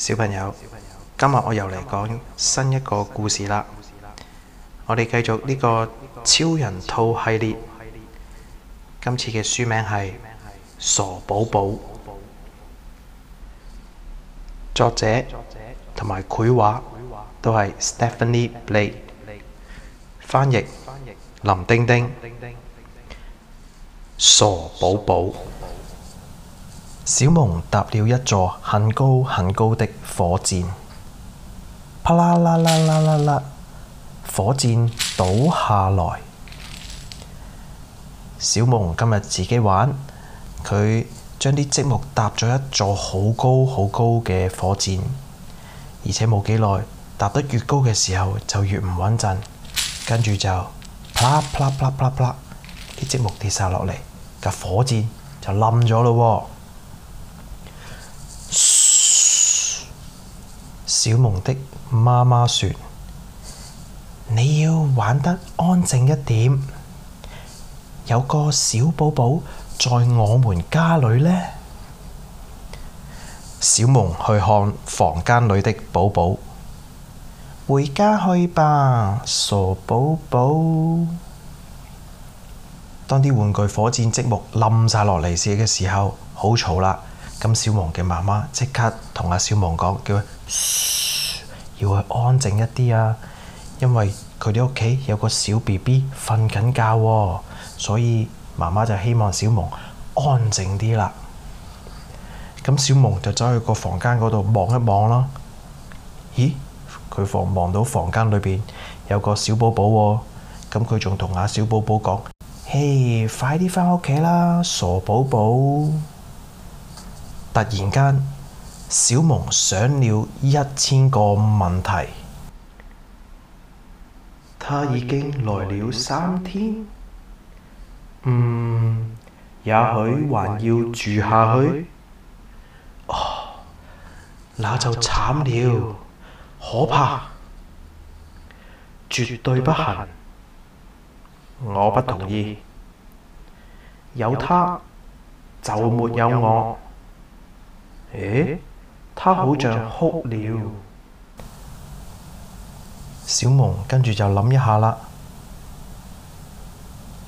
小朋友，今日我又嚟講新一個故事啦。我哋繼續呢個超人兔系列，今次嘅書名係《傻寶寶》，作者同埋繪畫都係 Stephanie Blake，翻譯林玎玎，《傻寶寶》。小蒙搭了一座很高很高的火箭，啪啦啦啦啦啦啦！火箭倒下來。小蒙今日自己玩，佢將啲積木搭咗一座好高好高嘅火箭，而且冇幾耐，搭得越高嘅時候就越唔穩陣。跟住就啪啦啪啦啪啦啪啦啲積木跌晒落嚟，架火箭就冧咗咯喎！小蒙的媽媽説：「你要玩得安靜一點，有個小寶寶在我們家裏呢。」小蒙去看房間裏的寶寶，回家去吧，傻寶寶。當啲玩具火箭積木冧晒落嚟時嘅時候，好嘈啦。咁小蒙嘅媽媽即刻同阿小蒙講，叫佢。」噓，要佢安靜一啲啊，因為佢哋屋企有個小 B B 瞓緊覺喎、啊，所以媽媽就希望小蒙安靜啲啦、啊。咁小蒙就走去個房間嗰度望一望啦、啊。咦，佢房望到房間裏邊有個小寶寶喎、啊，咁佢仲同阿小寶寶講：嘿、hey，快啲返屋企啦，傻寶寶！突然間。小蒙想了一千個問題。他已經來了三天，嗯，也許還要住下去。哦，那就慘了，可怕，絕對不行。我不同意，有他就沒有我。誒、欸？他好像哭了。小蒙跟住就諗一下啦。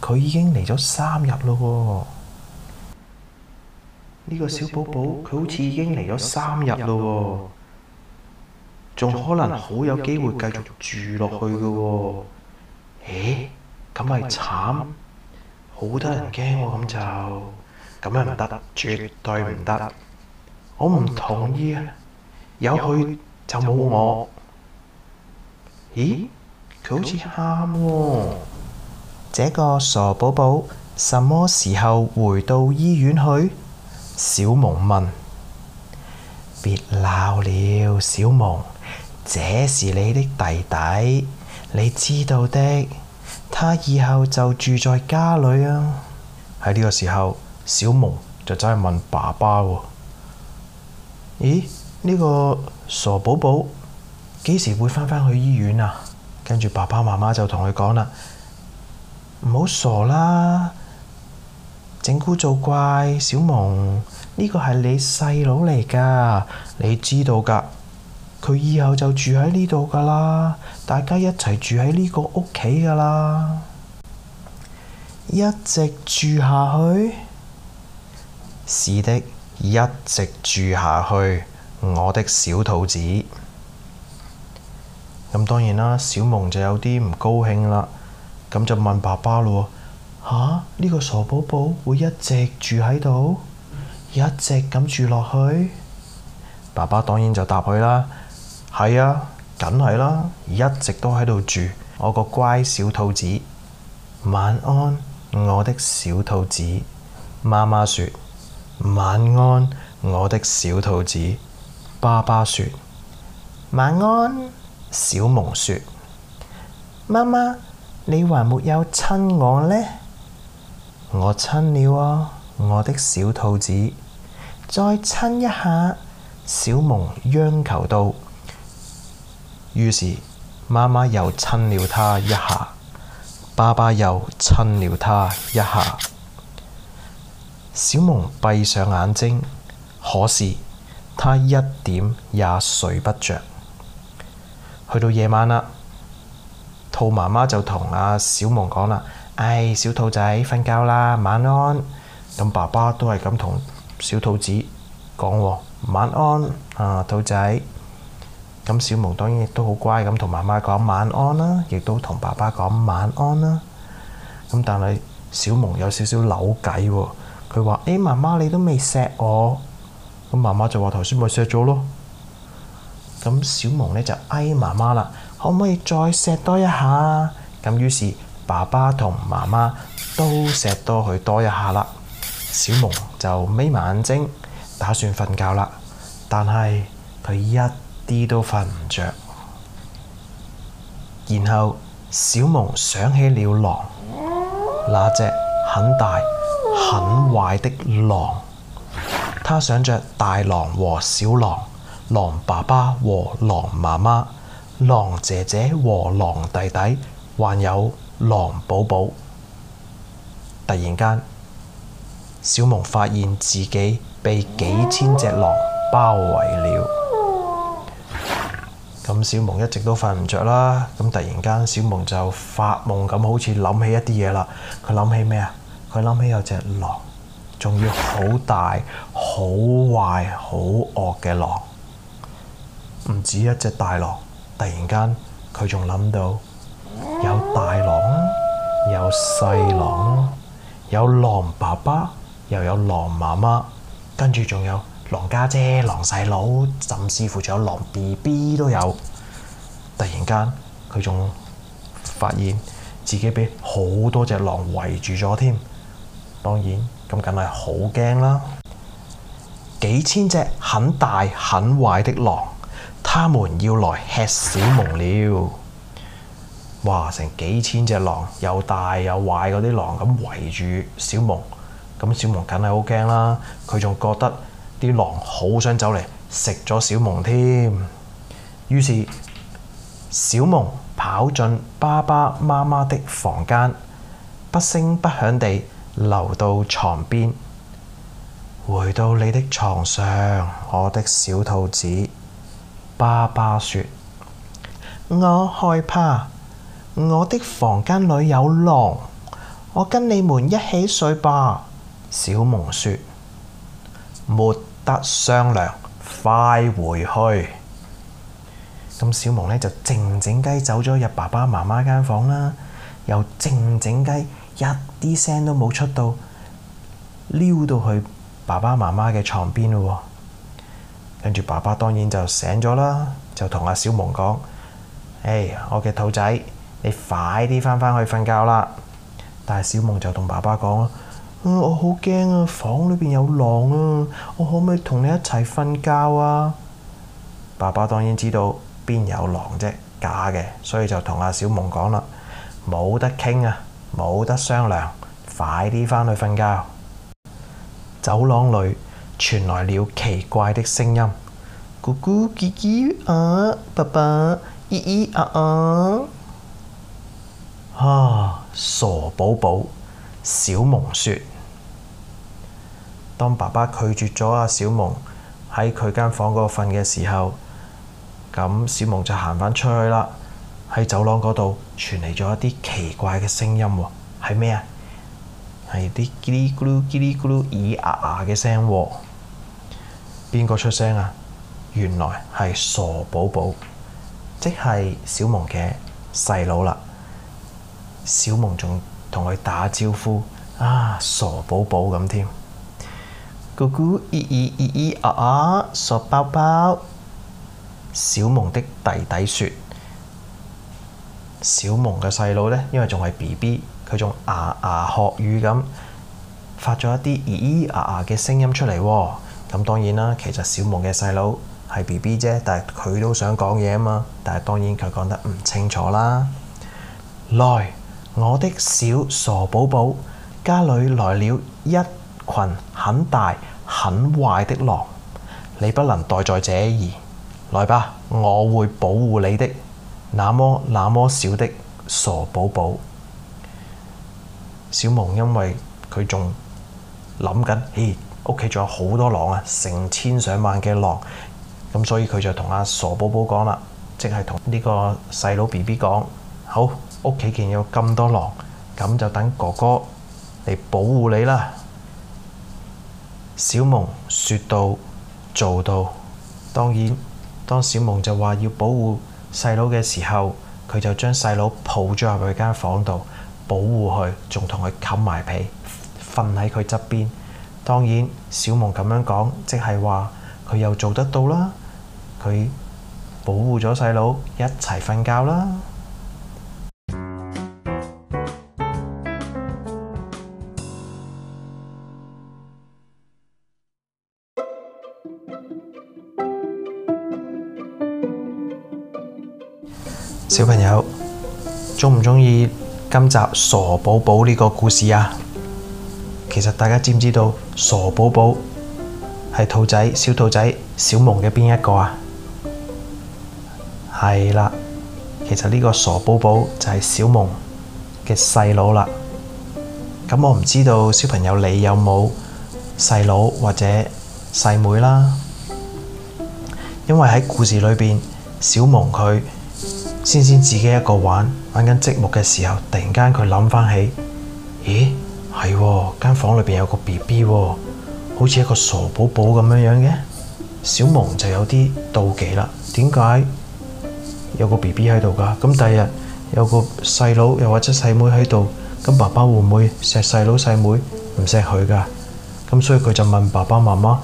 佢已經嚟咗三日咯喎。呢個小寶寶佢好似已經嚟咗三日咯喎。仲可能好有機會繼續住落去嘅喎。咦？咁咪慘，好得人驚喎。咁就咁樣唔得，絕對唔得。我唔同意啊！意，有佢就冇我。咦？佢好似喊喎。這個傻寶寶什麼時候回到醫院去？小蒙問。別鬧了，小蒙，這是你的弟弟，你知道的。他以後就住在家裏啊。喺呢個時候，小蒙就走去問爸爸喎。咦？呢個傻寶寶幾時會翻返去醫院啊？跟住爸爸媽媽就同佢講啦，唔好傻啦，整蠱做怪，小蒙，呢個係你細佬嚟㗎，你知道㗎。佢以後就住喺呢度㗎啦，大家一齊住喺呢個屋企㗎啦，一直住下去。是的。一直住下去，我的小兔子。咁當然啦，小蒙就有啲唔高興啦，咁就問爸爸啦。吓？呢個傻寶寶會一直住喺度，一直咁住落去？爸爸當然就答佢啦。係啊，梗係啦，一直都喺度住，我個乖小兔子。晚安，我的小兔子。媽媽說。晚安，我的小兔子。爸爸說：晚安，小蒙說：媽媽，你還沒有親我呢？我親了喎，哦，我的小兔子。再親一下，小蒙央求道。於是媽媽又親了他一下，爸爸又親了他一下。小蒙閉上眼睛，可是他一點也睡不着。去到夜晚啦，兔媽媽就同阿小蒙講啦：，唉，小兔仔瞓覺啦，晚安。咁爸爸都係咁同小兔子講：，晚安啊，兔仔。咁小蒙當然亦都好乖咁同媽媽講晚安啦，亦都同爸爸講晚安啦。咁但係小蒙有少少扭計喎。佢話：，誒、欸、媽媽，你都未錫我，咁媽媽就話，頭先咪錫咗咯。咁小蒙呢就哎，媽媽啦，可唔可以再錫多一下？咁於是爸爸同媽媽都錫多佢多一下啦。小蒙就眯埋眼睛，打算瞓覺啦，但係佢一啲都瞓唔着。然後小蒙想起了狼，那隻很大。很壞的狼，他想着大狼和小狼，狼爸爸和狼媽媽，狼姐姐和狼弟弟，還有狼寶寶。突然間，小蒙發現自己被幾千隻狼包圍了。咁小蒙一直都瞓唔着啦。咁突然間，小蒙就發夢咁，好似諗起一啲嘢啦。佢諗起咩啊？佢諗起有隻狼，仲要好大、好壞、好惡嘅狼，唔止一隻大狼。突然間，佢仲諗到有大狼，有細狼，有狼爸爸，又有狼媽媽，跟住仲有狼家姐、狼細佬，甚至乎仲有狼 BB 都有。突然間，佢仲發現自己俾好多隻狼圍住咗添。當然咁，梗係好驚啦！幾千隻很大很壞的狼，他們要來吃小蒙了。哇！成幾千隻狼，又大又壞嗰啲狼，咁圍住小蒙。咁小蒙梗係好驚啦！佢仲覺得啲狼好想走嚟食咗小蒙添。於是小蒙跑進爸爸媽媽的房間，不聲不響地。流到床邊，回到你的床上，我的小兔子。爸爸說：我害怕，我的房間裏有狼。我跟你們一起睡吧。小蒙說：沒得商量，快回去。咁小蒙呢，就靜靜雞走咗入爸爸媽媽間房啦，又靜靜雞。一啲聲都冇出到，溜到去爸爸媽媽嘅床邊咯。跟住爸爸當然就醒咗啦，就同阿小蒙講：誒、hey，我嘅兔仔，你快啲翻返去瞓覺啦。但係小蒙就同爸爸講：uh，我好驚啊，房裏邊有狼啊，我可唔可以同你一齊瞓覺啊？爸爸當然知道邊有狼啫，假嘅，所以就同阿小蒙講啦，冇得傾啊！冇得商量，快啲翻去瞓覺。走廊裏傳來了奇怪的聲音：咕咕嘰嘰啊，爸爸咿咿啊啊。啊，傻寶寶，小蒙說。當爸爸拒絕咗阿小蒙喺佢間房嗰度瞓嘅時候，咁小蒙就行翻出去啦。喺走廊嗰度傳嚟咗一啲奇怪嘅聲音喎，係咩啊？係啲咕哩咕嚕、咕哩咕嚕、咿呀呀嘅聲喎。邊個出聲啊？原來係傻寶寶，即係小蒙嘅細佬啦。小蒙仲同佢打招呼啊，傻寶寶咁添。嗰咕咿咿咿咿啊啊，傻包包。小蒙的弟弟說。小蒙嘅細佬呢，因為仲係 B B，佢仲牙牙學語咁發咗一啲咿咿呀呀嘅聲音出嚟喎、哦。咁當然啦，其實小蒙嘅細佬係 B B 啫，但係佢都想講嘢啊嘛。但係當然佢講得唔清楚啦。來，我的小傻寶寶，家裏來了一群很大很壞的狼，你不能待在這兒，來吧，我會保護你的。那麼，那麼小的傻寶寶。小蒙因為佢仲諗緊，咦，屋企仲有好多狼啊，成千上萬嘅狼，咁所以佢就同阿、啊、傻寶寶講啦，即係同呢個細佬 BB 講，好，屋企竟然有咁多狼，咁就等哥哥嚟保護你啦。小蒙說到做到，當然當小蒙就話要保護，細佬嘅時候，佢就將細佬抱咗入去間房度保護佢，仲同佢冚埋被，瞓喺佢側邊。當然，小蒙咁樣講，即係話佢又做得到啦，佢保護咗細佬一齊瞓覺啦。小朋友鍾唔鍾意今集傻寶寶呢個故事啊？其實大家知唔知道傻寶寶係兔仔、小兔仔、小蒙嘅邊一個啊？係啦，其實呢個傻寶寶就係小蒙嘅細佬啦。咁我唔知道小朋友你有冇細佬或者細妹啦，因為喺故事裏邊小蒙佢。先先自己一個玩玩緊積木嘅時候，突然間佢諗翻起，咦，係間房裏邊有個 B B，好似一個傻寶寶咁樣樣嘅，小蒙就有啲妒忌啦。點解有個 B B 喺度噶？咁第二日有個細佬又或者細妹喺度，咁爸爸會唔會錫細佬細妹唔錫佢噶？咁所以佢就問爸爸媽媽：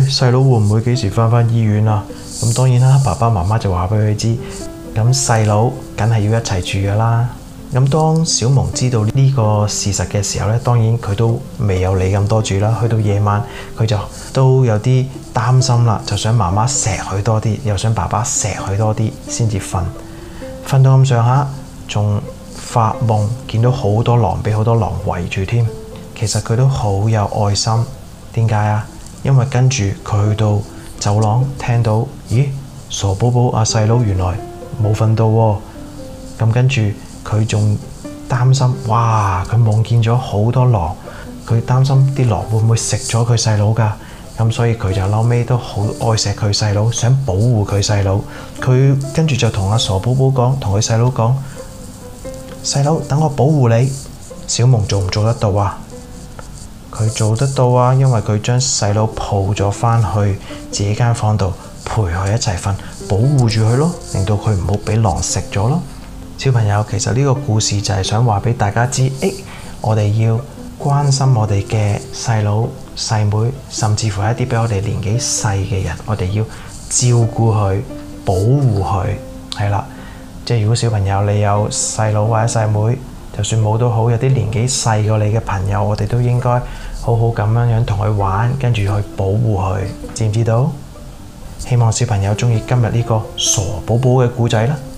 誒細佬會唔會幾時翻返醫院啊？咁當然啦，爸爸媽媽就話俾佢知。咁細佬梗係要一齊住噶啦。咁當小蒙知道呢個事實嘅時候呢，當然佢都未有你咁多住啦。去到夜晚，佢就都有啲擔心啦，就想媽媽錫佢多啲，又想爸爸錫佢多啲先至瞓。瞓到咁上下，仲發夢見到好多狼，俾好多狼圍住添。其實佢都好有愛心，點解啊？因為跟住佢去到走廊，聽到咦，傻寶寶阿細佬原來。冇瞓到，咁、哦、跟住佢仲擔心，哇！佢夢見咗好多狼，佢擔心啲狼會唔會食咗佢細佬噶？咁、嗯、所以佢就後尾都好愛錫佢細佬，想保護佢細佬。佢跟住就同阿、啊、傻寶寶講，同佢細佬講：細佬，等我保護你。小蒙做唔做得到啊？佢做得到啊，因為佢將細佬抱咗翻去自己間房度，陪佢一齊瞓。保護住佢咯，令到佢唔好俾狼食咗咯。小朋友，其實呢個故事就係想話俾大家知，誒、欸，我哋要關心我哋嘅細佬、細妹，妹，甚至乎一啲比我哋年紀細嘅人，我哋要照顧佢、保護佢，係啦。即係如果小朋友你有細佬或者細妹，妹，就算冇都好，有啲年紀細過你嘅朋友，我哋都應該好好咁樣樣同佢玩，跟住去保護佢，知唔知道？希望小朋友鍾意今日呢個傻寶寶嘅故仔啦～